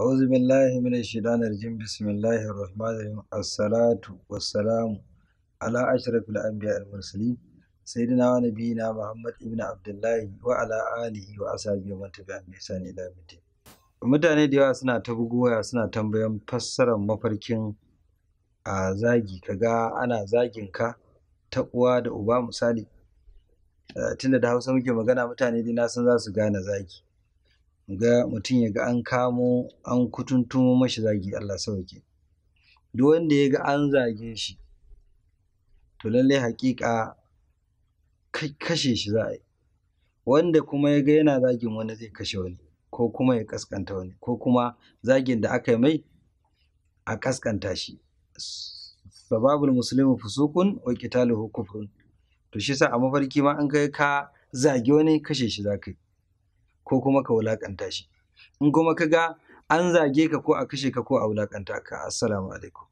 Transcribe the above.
أعوذ بالله من الشيطان الرجيم بسم الله الرحمن الرحيم الصلاة والسلام على أشرف الأنبياء المرسلين سيدنا ونبينا محمد ابن عبد الله وعلى آله وأصحابه ومن تبعهم بإحسان إلى يوم الدين mutane da yawa suna ta buguwa suna tambayan fassarar mafarkin a zagi kaga ana zagin ka ta uwa da uba misali tunda da hausa muke magana mutane dai na san za su gane zagi ga mutum ya ga an kamo an kutuntumo mashi zagi Allah sauke duk wanda ya ga an zage shi to lallai haƙiƙa kashe shi za a yi wanda kuma ya ga yana zagin wani zai kashe wani ko kuma ya kaskanta wani ko kuma zagin da aka yi mai a kaskanta shi sababul musulmi fusukun wa qitaluhu kufrun to shi sa a mafarki ma an kai ka zagi wani kashe shi za ka yi ko kuma ka wulaƙanta shi in kuma ka ga an zage ka ko a kashe ka ko a wulaƙanta ka assalamu alaikum